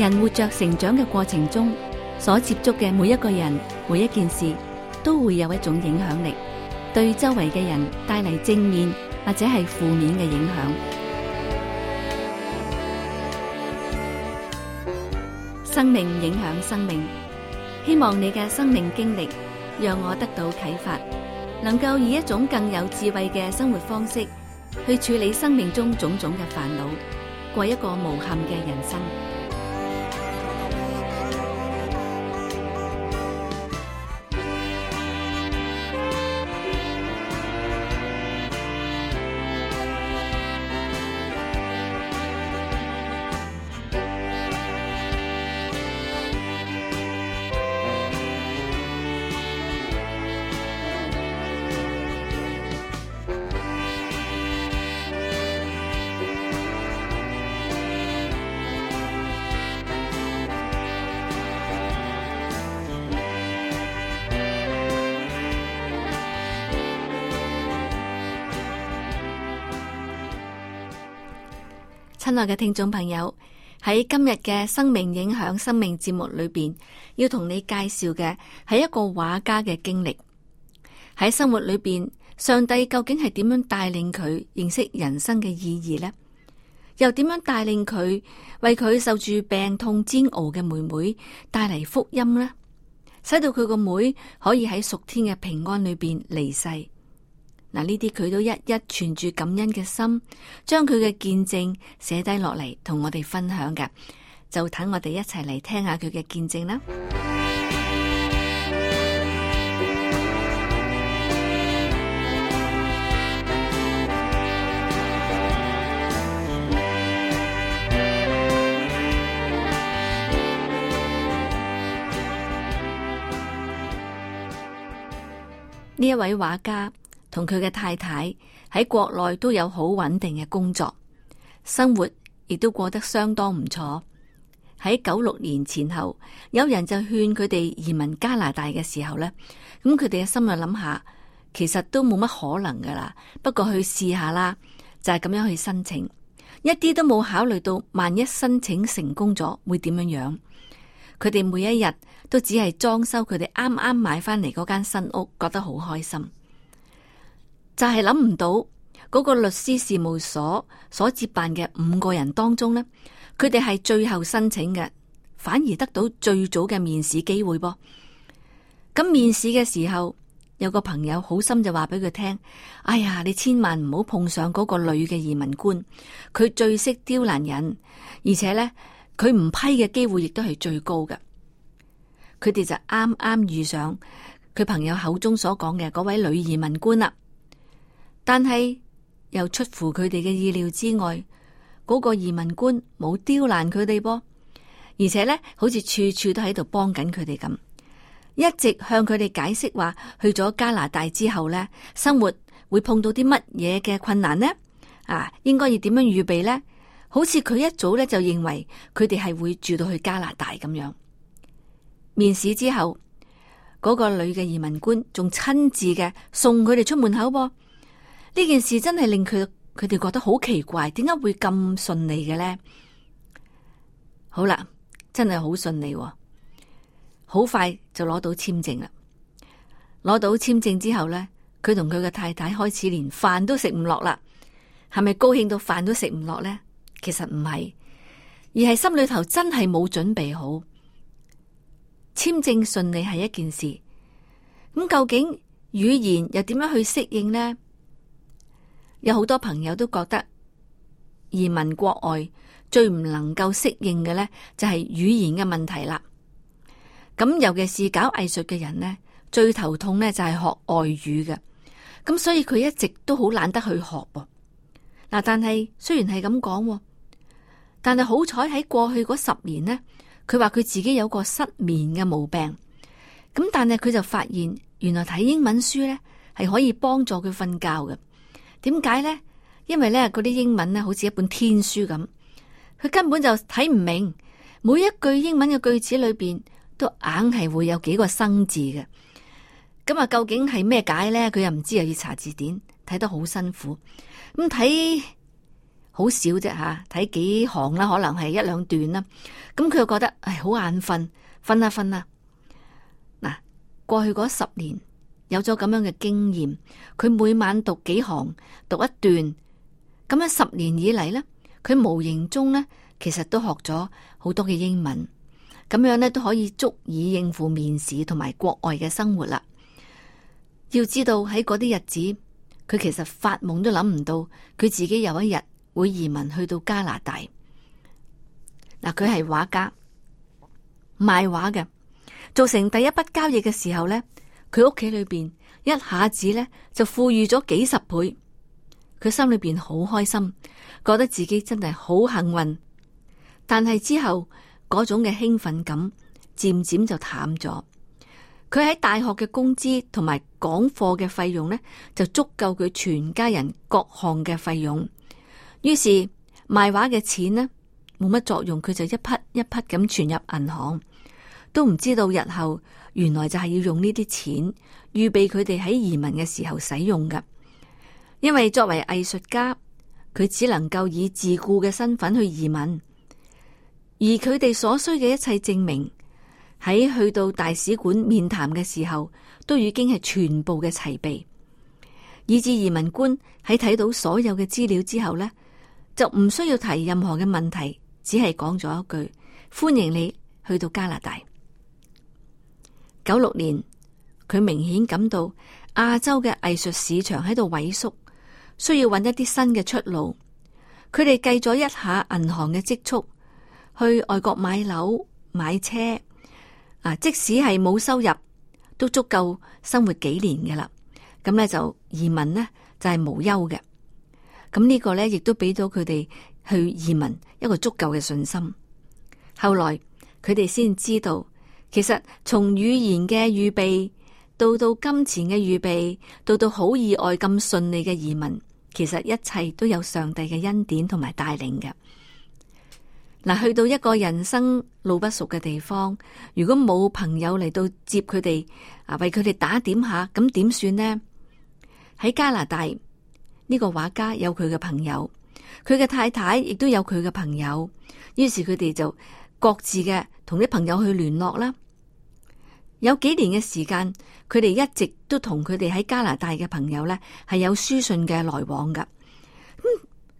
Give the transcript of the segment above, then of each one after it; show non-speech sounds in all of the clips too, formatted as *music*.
人活着成長嘅過程中，所接觸嘅每一個人、每一件事，都會有一種影響力，對周圍嘅人帶嚟正面或者係負面嘅影響。生命影響生命，希望你嘅生命經歷讓我得到啟發，能夠以一種更有智慧嘅生活方式去處理生命中種種嘅煩惱，過一個無憾嘅人生。親愛嘅聽眾朋友，喺今日嘅生命影響生命節目裏邊，要同你介紹嘅係一個畫家嘅經歷。喺生活裏邊，上帝究竟係點樣帶領佢認識人生嘅意義呢？又點樣帶領佢為佢受住病痛煎熬嘅妹妹帶嚟福音呢？使到佢個妹可以喺屬天嘅平安裏邊離世。嗱，呢啲佢都一一存住感恩嘅心，將佢嘅見證寫低落嚟，同我哋分享嘅，就等我哋一齊嚟聽下佢嘅見證啦。呢一 *music* 位畫家。同佢嘅太太喺國內都有好穩定嘅工作，生活亦都過得相當唔錯。喺九六年前後，有人就勸佢哋移民加拿大嘅時候呢，咁佢哋嘅心裏諗下，其實都冇乜可能噶啦，不過去試下啦，就係咁樣去申請，一啲都冇考慮到萬一申請成功咗會點樣樣。佢哋每一日都只係裝修佢哋啱啱買翻嚟嗰間新屋，覺得好開心。就係諗唔到嗰個律師事務所所接辦嘅五個人當中呢，佢哋係最後申請嘅，反而得到最早嘅面試機會噃。咁面試嘅時候，有個朋友好心就話俾佢聽：「哎呀，你千萬唔好碰上嗰個女嘅移民官，佢最識刁難人，而且呢，佢唔批嘅機會亦都係最高嘅。佢哋就啱啱遇上佢朋友口中所講嘅嗰位女移民官啦。但係又出乎佢哋嘅意料之外，嗰個移民官冇刁難佢哋噃，而且咧，好似處處都喺度幫緊佢哋咁，一直向佢哋解釋話去咗加拿大之後咧，生活會碰到啲乜嘢嘅困難呢？啊，應該要點樣預備呢？好似佢一早咧就認為佢哋係會住到去加拿大咁樣。面試之後，嗰個女嘅移民官仲親自嘅送佢哋出門口噃。呢件事真係令佢佢哋覺得好奇怪，點解會咁順利嘅咧？好啦，真係好順利喎，好快就攞到簽證啦。攞到簽證之後咧，佢同佢嘅太太開始連飯都食唔落啦。係咪高興到飯都食唔落咧？其實唔係，而係心裏頭真係冇準備好。簽證順利係一件事。咁究竟語言又點樣去適應呢？有好多朋友都覺得移民國外最唔能夠適應嘅呢，就係、是、語言嘅問題啦。咁尤其是搞藝術嘅人呢，最頭痛呢就係、是、學外語嘅。咁所以佢一直都好懶得去學噃、哦、嗱、哦。但係雖然係咁講，但係好彩喺過去嗰十年呢，佢話佢自己有個失眠嘅毛病。咁但係佢就發現原來睇英文書呢係可以幫助佢瞓覺嘅。點解咧？因為咧嗰啲英文咧，好似一本天書咁，佢根本就睇唔明。每一句英文嘅句子裏邊，都硬係會有幾個生字嘅。咁啊，究竟係咩解咧？佢又唔知，又要查字典，睇得好辛苦。咁睇好少啫吓，睇幾行啦，可能係一兩段啦。咁佢又覺得唉，好眼瞓，瞓啦瞓啦。嗱，過去嗰十年。有咗咁樣嘅經驗，佢每晚讀幾行，讀一段，咁樣十年以嚟呢，佢無形中呢，其實都學咗好多嘅英文，咁樣呢都可以足以應付面試同埋國外嘅生活啦。要知道喺嗰啲日子，佢其實發夢都諗唔到，佢自己有一日會移民去到加拿大。嗱，佢係畫家，賣畫嘅，做成第一筆交易嘅時候呢。佢屋企裏邊一下子咧就富裕咗幾十倍，佢心裏邊好開心，覺得自己真係好幸運。但係之後嗰種嘅興奮感漸漸就淡咗。佢喺大學嘅工資同埋講課嘅費用呢，就足夠佢全家人各項嘅費用。於是賣畫嘅錢呢，冇乜作用，佢就一筆一筆咁存入銀行，都唔知道日後。原來就係要用呢啲錢預備佢哋喺移民嘅時候使用㗎，因為作為藝術家，佢只能夠以自雇嘅身份去移民，而佢哋所需嘅一切證明喺去到大使館面談嘅時候都已經係全部嘅齊備，以至移民官喺睇到所有嘅資料之後呢，就唔需要提任何嘅問題，只係講咗一句歡迎你去到加拿大。九六年，佢明顯感到亞洲嘅藝術市場喺度萎縮，需要揾一啲新嘅出路。佢哋計咗一下銀行嘅積蓄，去外國買樓買車。啊，即使係冇收入，都足夠生活幾年嘅啦。咁咧就移民呢，就係無憂嘅。咁呢個咧亦都俾到佢哋去移民一個足夠嘅信心。後來佢哋先知道。其實從語言嘅預備，到到金錢嘅預備，到到好意外咁順利嘅移民，其實一切都有上帝嘅恩典同埋帶領嘅。嗱，去到一個人生路不熟嘅地方，如果冇朋友嚟到接佢哋啊，為佢哋打點下，咁點算呢？喺加拿大呢個畫家有佢嘅朋友，佢嘅太太亦都有佢嘅朋友，於是佢哋就各自嘅同啲朋友去聯絡啦，有幾年嘅時間，佢哋一直都同佢哋喺加拿大嘅朋友呢係有書信嘅來往噶、嗯。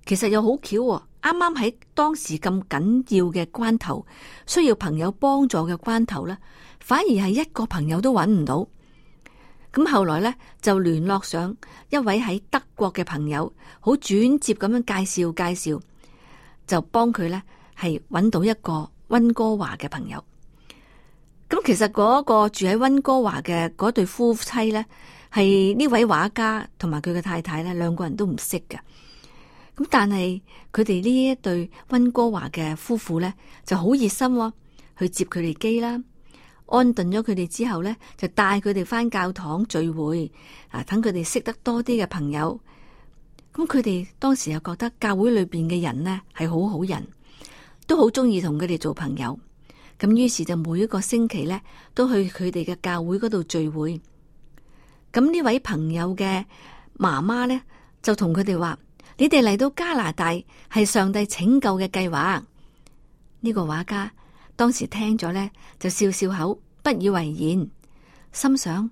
其實又好巧、喎，啱啱喺當時咁緊要嘅關頭，需要朋友幫助嘅關頭呢，反而係一個朋友都揾唔到。咁後來呢，就聯絡上一位喺德國嘅朋友，好轉接咁樣介紹介紹，就幫佢呢係揾到一個。溫哥華嘅朋友，咁其實嗰個住喺溫哥華嘅嗰對夫妻咧，係呢位畫家同埋佢嘅太太咧，兩個人都唔識㗎。咁但係佢哋呢一對溫哥華嘅夫婦咧，就好熱心，哦，去接佢哋機啦，安頓咗佢哋之後咧，就帶佢哋返教堂聚會，啊，等佢哋識得多啲嘅朋友。咁佢哋當時又覺得教會裏邊嘅人咧，係好好人。都好中意同佢哋做朋友，咁於是就每一個星期呢，都去佢哋嘅教會嗰度聚會。咁呢位朋友嘅媽媽呢，就同佢哋話：你哋嚟到加拿大係上帝拯救嘅計劃。呢個畫家當時聽咗呢，就笑笑口，不以為然，心想：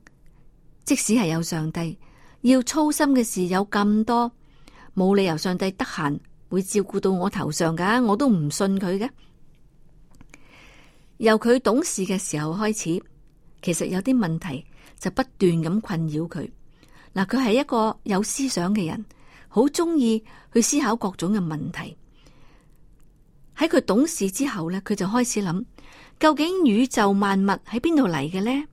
即使係有上帝，要操心嘅事有咁多，冇理由上帝得閒。會照顧到我頭上噶，我都唔信佢嘅。由佢懂事嘅時候開始，其實有啲問題就不斷咁困擾佢。嗱，佢係一個有思想嘅人，好中意去思考各種嘅問題。喺佢懂事之後呢，佢就開始諗，究竟宇宙萬物喺邊度嚟嘅呢？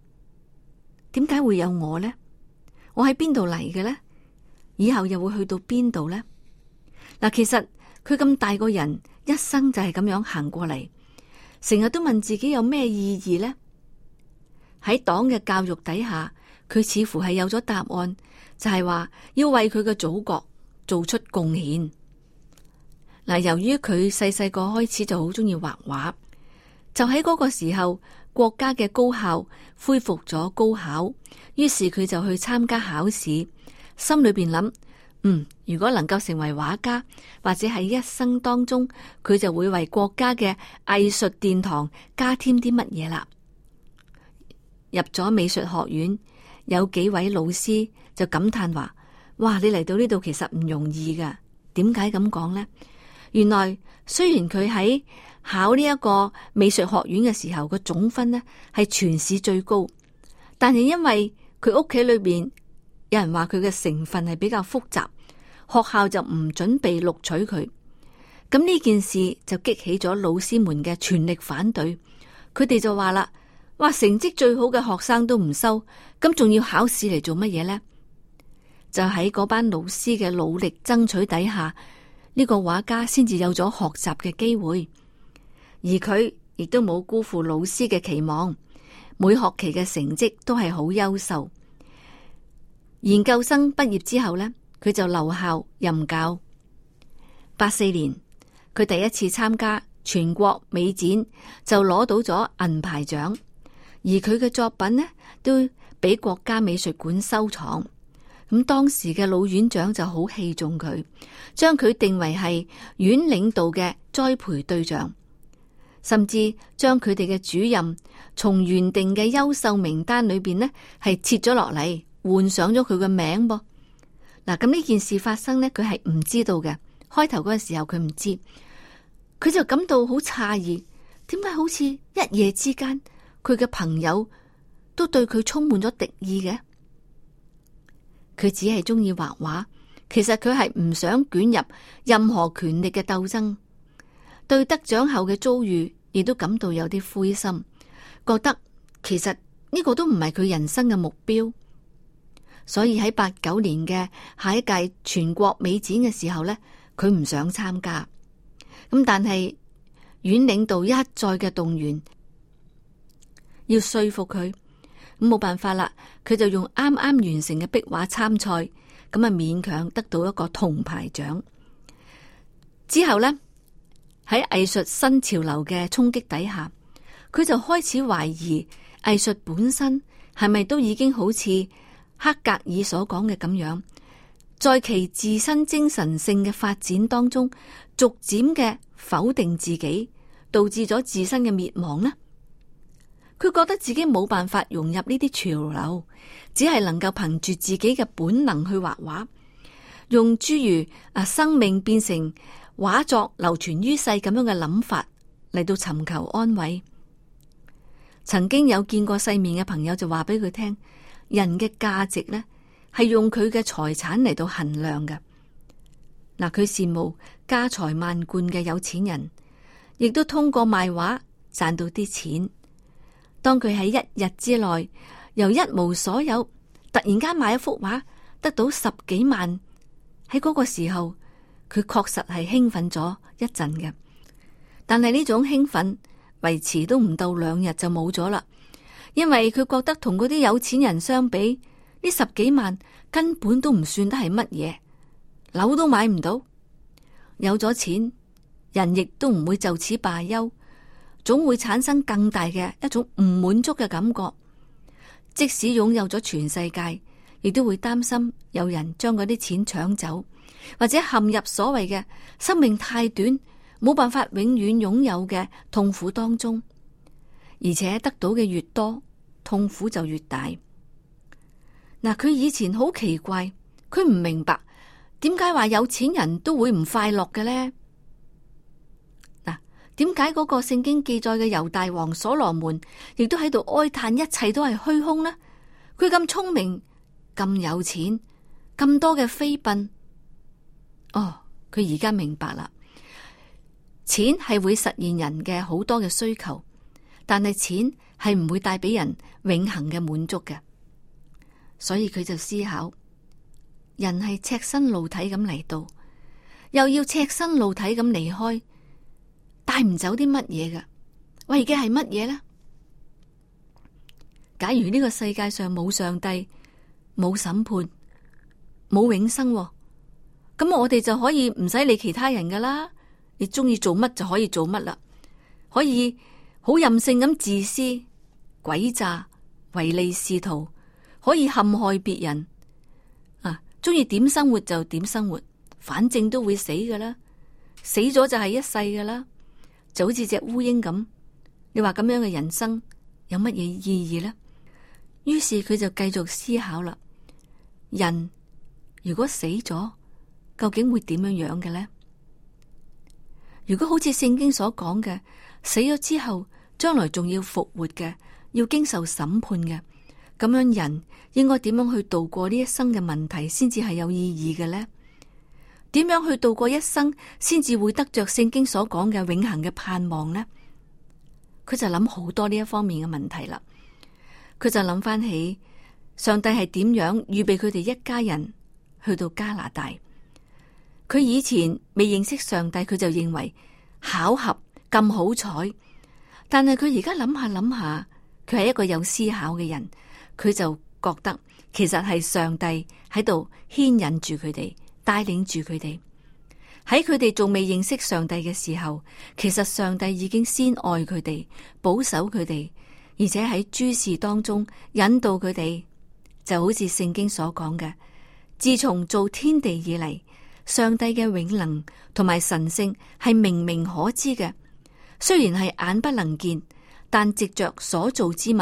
點解會有我呢？我喺邊度嚟嘅呢？以後又會去到邊度呢？嗱，其實佢咁大個人，一生就係咁樣行過嚟，成日都問自己有咩意義呢？喺黨嘅教育底下，佢似乎係有咗答案，就係話要為佢嘅祖國做出貢獻。嗱，由於佢細細個開始就好中意畫畫，就喺嗰個時候，國家嘅高校恢復咗高考，於是佢就去參加考試，心裏邊諗。嗯，如果能夠成為畫家，或者係一生當中，佢就會為國家嘅藝術殿堂加添啲乜嘢啦。入咗美術學院，有幾位老師就感嘆話：哇，你嚟到呢度其實唔容易噶。點解咁講呢？原來雖然佢喺考呢一個美術學院嘅時候，個總分呢係全市最高，但係因為佢屋企裏邊有人話佢嘅成分係比較複雜。學校就唔準備錄取佢，咁呢件事就激起咗老師們嘅全力反對。佢哋就話啦：「話成績最好嘅學生都唔收，咁仲要考試嚟做乜嘢呢？」就喺嗰班老師嘅努力爭取底下，呢個畫家先至有咗學習嘅機會，而佢亦都冇辜負老師嘅期望，每學期嘅成績都係好優秀。研究生畢業之後呢。佢就留校任教。八四年，佢第一次參加全國美展，就攞到咗銀牌獎。而佢嘅作品呢，都俾國家美術館收藏。咁當時嘅老院長就好器重佢，將佢定為係院領導嘅栽培對象，甚至將佢哋嘅主任從原定嘅優秀名單裏邊呢，係切咗落嚟，換上咗佢嘅名噃。嗱，咁呢件事發生呢，佢係唔知道嘅。開頭嗰個時候，佢唔知，佢就感到好詫異，點解好似一夜之間，佢嘅朋友都對佢充滿咗敵意嘅？佢只係中意畫畫，其實佢係唔想捲入任何權力嘅鬥爭。對得獎後嘅遭遇，亦都感到有啲灰心，覺得其實呢個都唔係佢人生嘅目標。所以喺八九年嘅下一屆全國美展嘅時候呢，佢唔想參加咁，但係院領導一再嘅動員，要說服佢咁冇辦法啦。佢就用啱啱完成嘅壁畫參賽，咁啊勉強得到一個銅牌獎之後呢，喺藝術新潮流嘅衝擊底下，佢就開始懷疑藝術本身係咪都已經好似。黑格爾所講嘅咁樣，在其自身精神性嘅發展當中，逐漸嘅否定自己，導致咗自身嘅滅亡。呢佢覺得自己冇辦法融入呢啲潮流，只係能夠憑住自己嘅本能去畫畫，用諸如啊生命變成畫作流傳於世咁樣嘅諗法嚟到尋求安慰。曾經有見過世面嘅朋友就話俾佢聽。人嘅價值呢，係用佢嘅財產嚟到衡量嘅。嗱、啊，佢羨慕家財萬貫嘅有錢人，亦都通過賣畫賺到啲錢。當佢喺一日之內由一無所有，突然間買一幅畫得到十幾萬，喺嗰個時候，佢確實係興奮咗一陣嘅。但係呢種興奮維持都唔到兩日就冇咗啦。因為佢覺得同嗰啲有錢人相比，呢十幾萬根本都唔算得係乜嘢，樓都買唔到。有咗錢，人亦都唔會就此罷休，總會產生更大嘅一種唔滿足嘅感覺。即使擁有咗全世界，亦都會擔心有人將嗰啲錢搶走，或者陷入所謂嘅生命太短，冇辦法永遠擁有嘅痛苦當中。而且得到嘅越多，痛苦就越大。嗱，佢以前好奇怪，佢唔明白點解話有錢人都會唔快樂嘅呢？嗱，點解嗰個聖經記載嘅猶大王所羅門亦都喺度哀嘆，一切都係虛空呢？佢咁聰明，咁有錢，咁多嘅妃嬪哦，佢而家明白啦，錢係會實現人嘅好多嘅需求。但係錢係唔會帶俾人永恒嘅滿足嘅，所以佢就思考：人係赤身露體咁嚟到，又要赤身露體咁離開，帶唔走啲乜嘢嘅？喂，而家係乜嘢呢？假如呢個世界上冇上帝、冇審判、冇永生喎，咁我哋就可以唔使理其他人噶啦，你中意做乜就可以做乜啦，可以。好任性，咁自私、鬼詐、唯利是圖，可以陷害別人啊！中意點生活就點生活，反正都會死㗎啦，死咗就係一世㗎啦，就好似隻烏蠅咁。你話咁樣嘅人生有乜嘢意義呢？於是佢就繼續思考啦。人如果死咗，究竟會點樣養嘅呢？」如果好似聖經所講嘅。死咗之後，將來仲要復活嘅，要經受審判嘅。咁樣，人應該點樣去度過呢一生嘅問題，先至係有意義嘅呢？點樣去度過一生，先至會得着聖經所講嘅永恆嘅盼望呢？佢就諗好多呢一方面嘅問題啦。佢就諗翻起上帝係點樣預備佢哋一家人去到加拿大。佢以前未認識上帝，佢就認為巧合。咁好彩，但係佢而家諗下諗下，佢係一個有思考嘅人，佢就覺得其實係上帝喺度牽引住佢哋，帶領住佢哋。喺佢哋仲未認識上帝嘅時候，其實上帝已經先愛佢哋，保守佢哋，而且喺諸事當中引導佢哋，就好似聖經所講嘅。自從造天地以嚟，上帝嘅永能同埋神聖係明明可知嘅。雖然係眼不能見，但藉着所做之物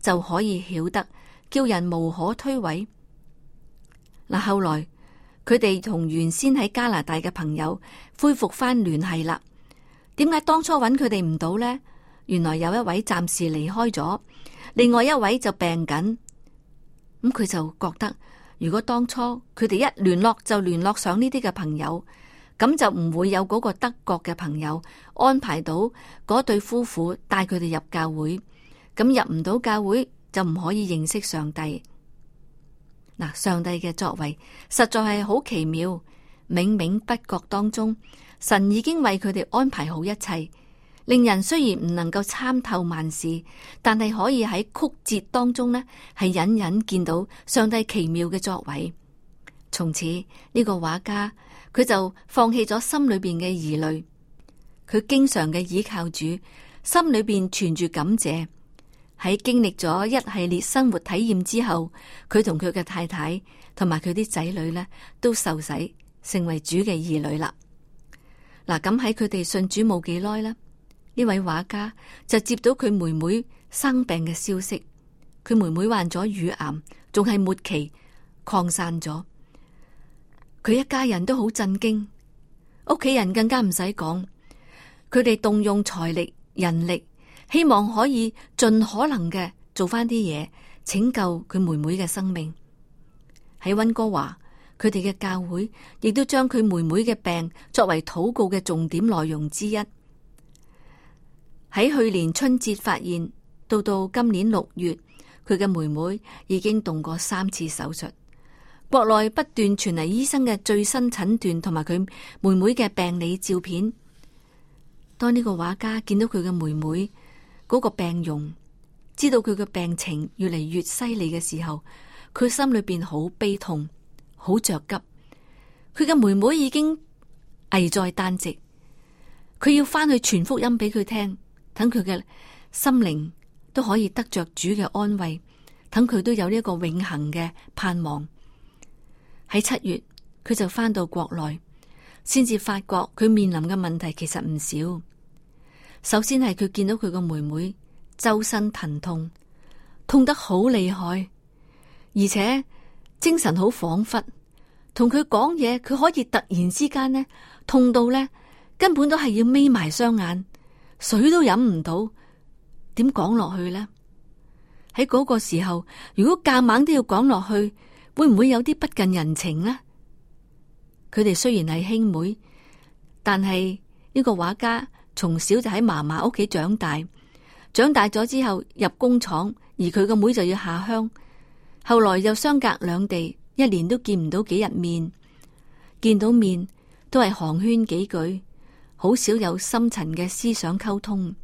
就可以曉得，叫人無可推諉。嗱，後來佢哋同原先喺加拿大嘅朋友恢復翻聯繫啦。點解當初搵佢哋唔到呢？原來有一位暫時離開咗，另外一位就病緊。咁佢就覺得，如果當初佢哋一聯絡就聯絡上呢啲嘅朋友。咁就唔會有嗰個德國嘅朋友安排到嗰對夫婦帶佢哋入教會，咁入唔到教會就唔可以認識上帝嗱。上帝嘅作為實在係好奇妙，冥冥不覺當中，神已經為佢哋安排好一切，令人雖然唔能夠參透萬事，但係可以喺曲折當中呢，係隱隱見到上帝奇妙嘅作為。從此呢，呢個畫家，佢就放棄咗心裏邊嘅疑慮，佢經常嘅倚靠主，心裏邊存住感謝。喺經歷咗一系列生活體驗之後，佢同佢嘅太太同埋佢啲仔女咧，都受洗成為主嘅兒女啦。嗱，咁喺佢哋信主冇幾耐咧，呢位畫家就接到佢妹妹生病嘅消息，佢妹妹患咗乳癌，仲係末期擴散咗。佢一家人都好震驚，屋企人更加唔使講，佢哋動用財力、人力，希望可以盡可能嘅做翻啲嘢拯救佢妹妹嘅生命。喺溫哥華，佢哋嘅教會亦都將佢妹妹嘅病作為禱告嘅重點內容之一。喺去年春節發現，到到今年六月，佢嘅妹妹已經動過三次手術。國內不斷傳嚟醫生嘅最新診斷，同埋佢妹妹嘅病理照片。當呢個畫家見到佢嘅妹妹嗰個病容，知道佢嘅病情越嚟越犀利嘅時候，佢心裏邊好悲痛，好着急。佢嘅妹妹已經危在旦夕，佢要翻去傳福音俾佢聽，等佢嘅心靈都可以得着主嘅安慰，等佢都有呢一個永恆嘅盼望。喺七月，佢就翻到國內，先至發覺佢面臨嘅問題其實唔少。首先係佢見到佢個妹妹周身疼痛，痛得好厲害，而且精神好恍惚。同佢講嘢，佢可以突然之間呢痛到呢根本都係要眯埋雙眼，水都飲唔到，點講落去呢？喺嗰個時候，如果夾硬都要講落去，會唔會有啲不近人情呢？佢哋雖然係兄妹，但係呢個畫家從小就喺嫲嫲屋企長大，長大咗之後入工廠，而佢個妹、妹就要下鄉，後來又相隔兩地，一年都見唔到幾日面，見到面都係寒暄幾句，好少有深層嘅思想溝通。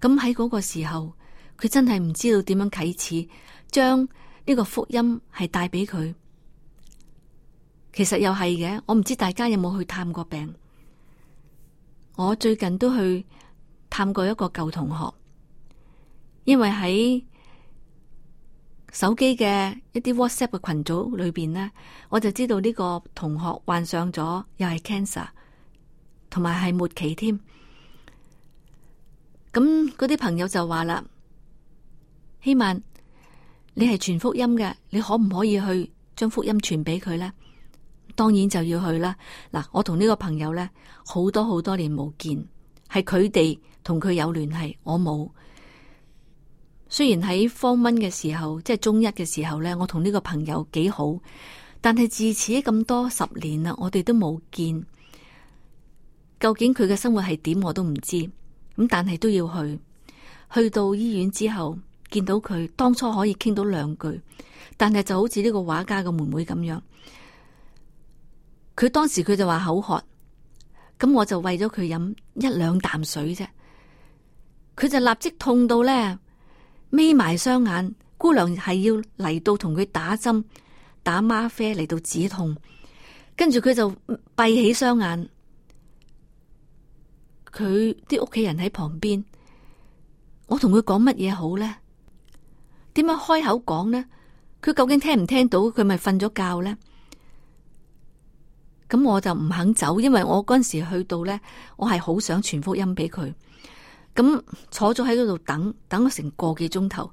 咁喺嗰個時候，佢真係唔知道點樣啟齒將。呢個福音係帶俾佢，其實又係嘅。我唔知大家有冇去探過病，我最近都去探過一個舊同學，因為喺手機嘅一啲 WhatsApp 嘅群組裏邊呢，我就知道呢個同學患上咗又係 cancer，同埋係末期添。咁嗰啲朋友就話啦，希望。你係傳福音嘅，你可唔可以去將福音傳俾佢呢？當然就要去啦。嗱，我同呢個朋友呢，好多好多年冇見，係佢哋同佢有聯繫，我冇。雖然喺 Form 1嘅時候，即係中一嘅時候呢，我同呢個朋友幾好，但係自此咁多十年啦，我哋都冇見。究竟佢嘅生活係點我都唔知，咁但係都要去。去到醫院之後。見到佢，當初可以傾到兩句，但係就好似呢個畫家嘅妹妹咁樣，佢當時佢就話口渴，咁我就餵咗佢飲一兩啖水啫，佢就立即痛到咧眯埋雙眼。姑娘係要嚟到同佢打針，打嗎啡嚟到止痛，跟住佢就閉起雙眼。佢啲屋企人喺旁邊，我同佢講乜嘢好咧？點樣開口講呢？佢究竟聽唔聽到？佢咪瞓咗覺呢？咁我就唔肯走，因為我嗰陣時去到呢，我係好想傳福音俾佢。咁坐咗喺嗰度等，等咗成個幾鐘頭。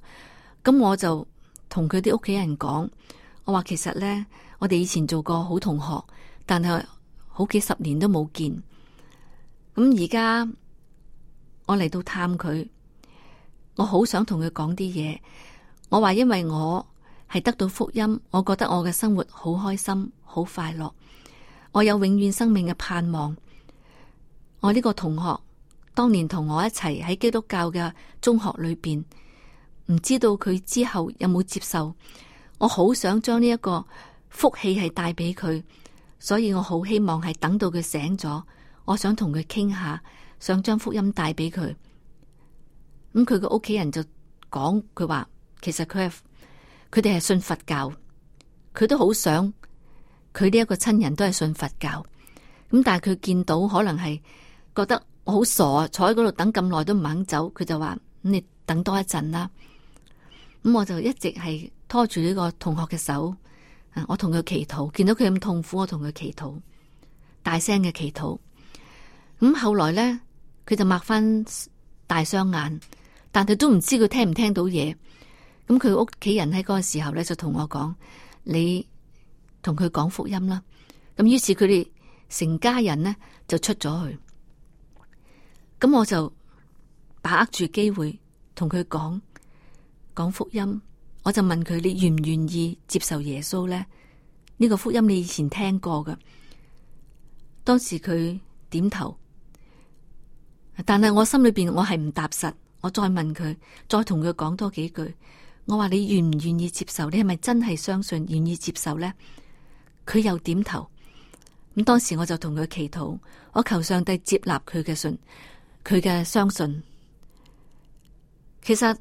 咁我就同佢啲屋企人講，我話其實呢，我哋以前做過好同學，但係好幾十年都冇見。咁而家我嚟到探佢，我好想同佢講啲嘢。我話，因為我係得到福音，我覺得我嘅生活好開心，好快樂。我有永遠生命嘅盼望。我呢個同學當年同我一齊喺基督教嘅中學裏邊，唔知道佢之後有冇接受。我好想將呢一個福氣係帶俾佢，所以我好希望係等到佢醒咗，我想同佢傾下，想將福音帶俾佢。咁佢嘅屋企人就講，佢話。其實佢係佢哋係信佛教，佢都好想佢呢一個親人都係信佛教。咁但係佢見到可能係覺得好傻，坐喺嗰度等咁耐都唔肯走，佢就話，咁你等多一陣啦。咁我就一直係拖住呢個同學嘅手，我同佢祈禱，見到佢咁痛苦，我同佢祈禱，大聲嘅祈禱。咁後來呢，佢就擘翻大雙眼，但係都唔知佢聽唔聽到嘢。咁佢屋企人喺嗰個時候咧，就同我講：你同佢講福音啦。咁於是佢哋成家人呢，就出咗去。咁我就把握住機會同佢講講福音。我就問佢：你願唔願意接受耶穌呢？呢個福音你以前聽過嘅。當時佢點頭，但係我心裏邊我係唔踏實。我再問佢，再同佢講多幾句。我話你願唔願意接受？你係咪真係相信願意接受呢？佢又點頭。咁當時我就同佢祈禱，我求上帝接納佢嘅信，佢嘅相信。其實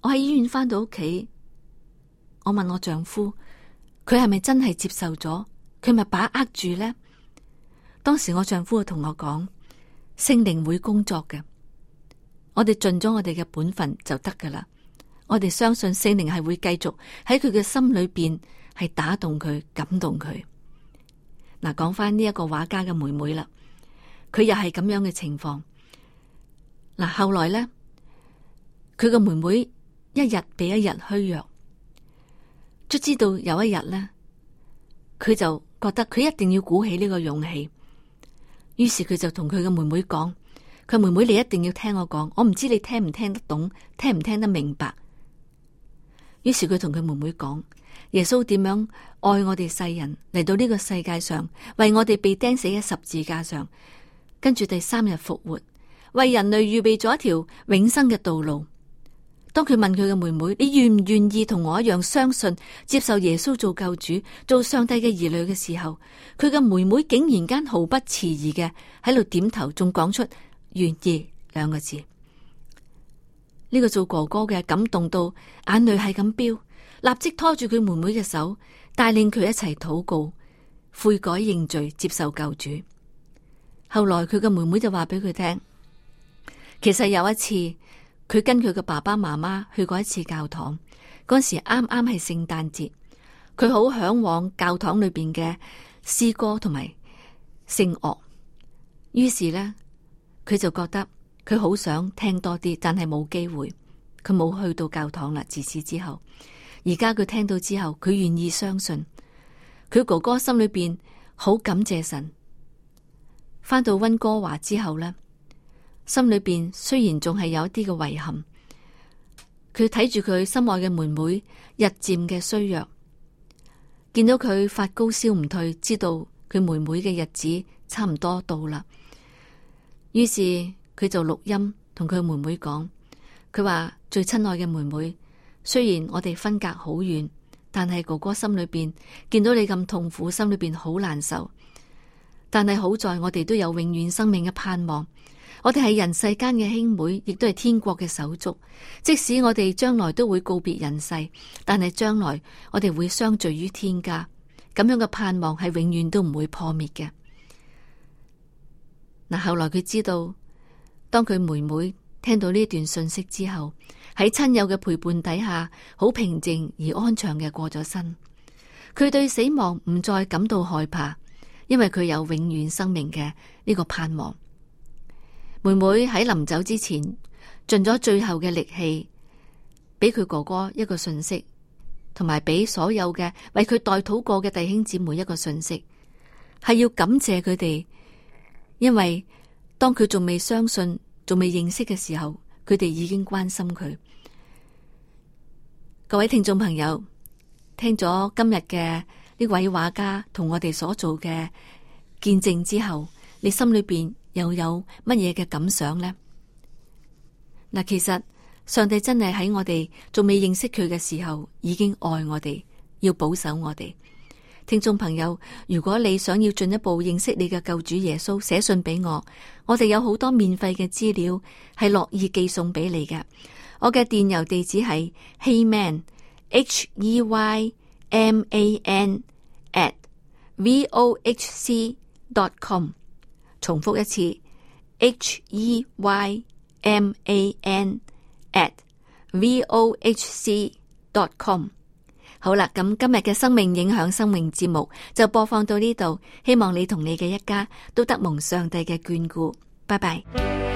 我喺醫院翻到屋企，我問我丈夫，佢係咪真係接受咗？佢咪把握住呢？當時我丈夫就同我講：聖靈會工作嘅，我哋盡咗我哋嘅本分就得噶啦。我哋相信聖靈係會繼續喺佢嘅心裏邊係打動佢，感動佢。嗱，講返呢一個畫家嘅妹妹啦，佢又係咁樣嘅情況。嗱，後來呢，佢嘅妹妹一日比一日虛弱，足知道有一日呢，佢就覺得佢一定要鼓起呢個勇氣，於是佢就同佢嘅妹妹講：「佢妹妹，你一定要聽我講，我唔知你聽唔聽得懂，聽唔聽得明白。於是佢同佢妹妹講：耶穌點樣愛我哋世人，嚟到呢個世界上，為我哋被釘死喺十字架上，跟住第三日復活，為人類預備咗一條永生嘅道路。當佢問佢嘅妹妹：你願唔願意同我一樣相信、接受耶穌做救主、做上帝嘅兒女嘅時候，佢嘅妹妹竟然間毫不遲疑嘅喺度點頭，仲講出願意兩個字。呢個做哥哥嘅感動到眼淚係咁飆，立即拖住佢妹妹嘅手，帶領佢一齊禱告悔改、認罪、接受救主。後來佢嘅妹妹就話俾佢聽，其實有一次佢跟佢嘅爸爸媽媽去過一次教堂，嗰時啱啱係聖誕節，佢好嚮往教堂裏邊嘅詩歌同埋聖樂，於是呢，佢就覺得。佢好想聽多啲，但係冇機會。佢冇去到教堂啦。自此之後，而家佢聽到之後，佢願意相信。佢哥哥心裏邊好感謝神。返到溫哥華之後呢，心裏邊雖然仲係有一啲嘅遺憾，佢睇住佢心愛嘅妹妹日漸嘅衰弱，見到佢發高燒唔退，知道佢妹妹嘅日子差唔多到啦，於是。佢就錄音，同佢妹妹講，佢話，最親愛嘅妹妹，雖然我哋分隔好遠，但係哥哥心裏邊見到你咁痛苦，心裏邊好難受。但係好在我哋都有永遠生命嘅盼望，我哋係人世間嘅兄妹，亦都係天國嘅手足。即使我哋將來都會告別人世，但係將來我哋會相聚於天家。咁樣嘅盼望係永遠都唔會破滅嘅。嗱，後來佢知道。當佢妹妹聽到呢段訊息之後，喺親友嘅陪伴底下，好平靜而安詳嘅過咗身。佢對死亡唔再感到害怕，因為佢有永遠生命嘅呢個盼望。妹妹喺臨走之前，盡咗最後嘅力氣，俾佢哥哥一個訊息，同埋俾所有嘅為佢代禱過嘅弟兄姊妹一個訊息，係要感謝佢哋，因為。當佢仲未相信，仲未認識嘅時候，佢哋已經關心佢。各位聽眾朋友，聽咗今日嘅呢位畫家同我哋所做嘅見證之後，你心裏邊又有乜嘢嘅感想呢？嗱，其實上帝真係喺我哋仲未認識佢嘅時候，已經愛我哋，要保守我哋。聽眾朋友，如果你想要進一步認識你嘅救主耶穌，寫信俾我，我哋有好多免費嘅資料係樂意寄送俾你嘅。我嘅電郵地址係 Heyman，H E Y M A N at vohc.com。重複一次，H E Y M A N at vohc.com。O H C. Com。好啦，咁今日嘅生命影響生命節目就播放到呢度，希望你同你嘅一家都得蒙上帝嘅眷顧，拜拜。